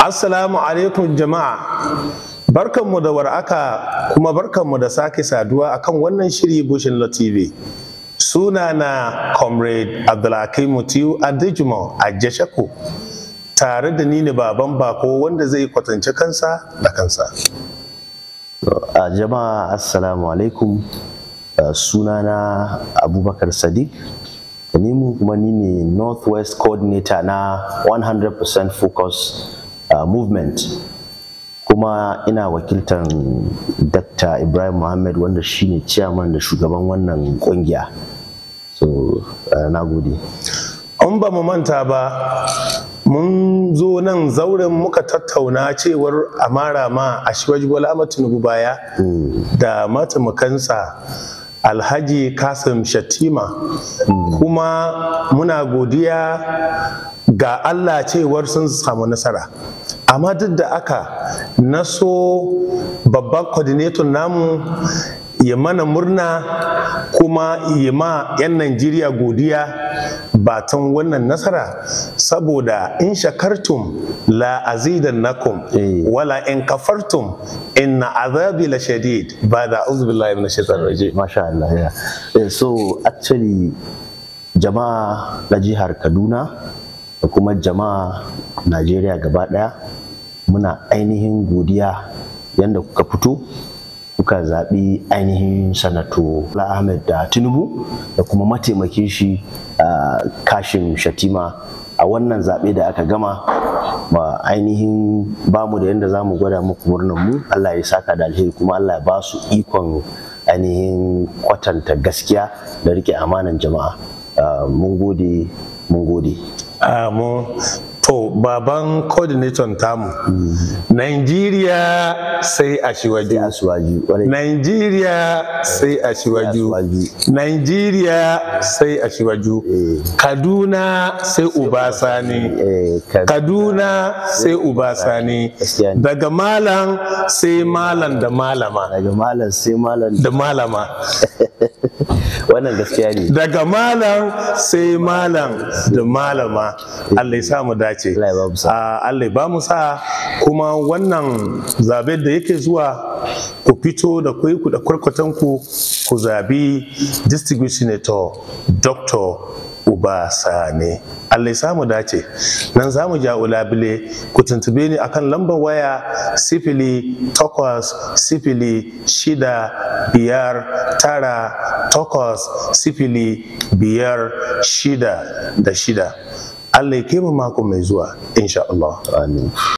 Assalamu alaikum jama'a. Barkanmu da war'aka kuma barkanmu da sake saduwa akan wannan shiri Bushin TV. Suna na Comrade Abdulhakim Mutiyu Adejumo a Jashako tare da ni ne baban bako wanda zai kwatance kansa da kansa. A jama'a Assalamu alaikum. Suna na Abubakar Sadiq ni mu kuma ni ne Northwest Coordinator na 100% Focus movement kuma ina wakiltar dr ibrahim muhammad wanda shine chairman da shugaban wannan kungiya so eh, na gode an ba mu manta ba mun zo nan zauren muka tattauna cewar amara ma a shiwajibola amatinubu baya mm. da mataimakansa alhaji kasim shatima mm. kuma muna godiya ga allah cewar sun samu nasara amma duk da aka na so babban coordinator namu ya mana murna kuma ya ma 'yan najeriya godiya batan wannan nasara saboda in shakartum la azidan nakum eh. wala in kafartum inna azabi la shadid ba da uzubillahi min shaitan raje masha Allah ya eh, so actually jama'a na jihar Kaduna da kuma jama'a Najeriya gaba daya muna ainihin godiya yadda kuka fito kuka zaɓi ainihin sanato ahmed da tinubu da kuma mataimakin shi a kashin shatima a wannan zaɓe da aka gama ba ainihin bamu da yadda za mu gwada muku murnan mu allah ya saka da alheri kuma allah ya ba su ikon ainihin kwatanta gaskiya da rike amanan jama'a mun gode mun gode to baban coordinator tamu Nigeria sai a shiwaju Nigeria sai a shiwaju Nigeria sai a shiwaju eh. Kaduna sai Ubasani eh, Kaduna sai Ubasani daga malam sai eh, malam da malama daga malam sai malam da malama wannan gaskiya ne daga malam sai malam da malama Allah ya sa mu dace Ah, Allah ya ba mu sa kuma wannan zabe da yake zuwa ku fito da kai ku da kwarkwatan ku ku zabi district senator Dr. Ubasane. Allah ya samu dace. Nan za mu ja ulabile ku tuntube ni akan lambar waya sifili takwas sifili shida biyar tara takwas sifili biyar shida da shida. Allah ya kai mu mako mai zuwa insha Allah amin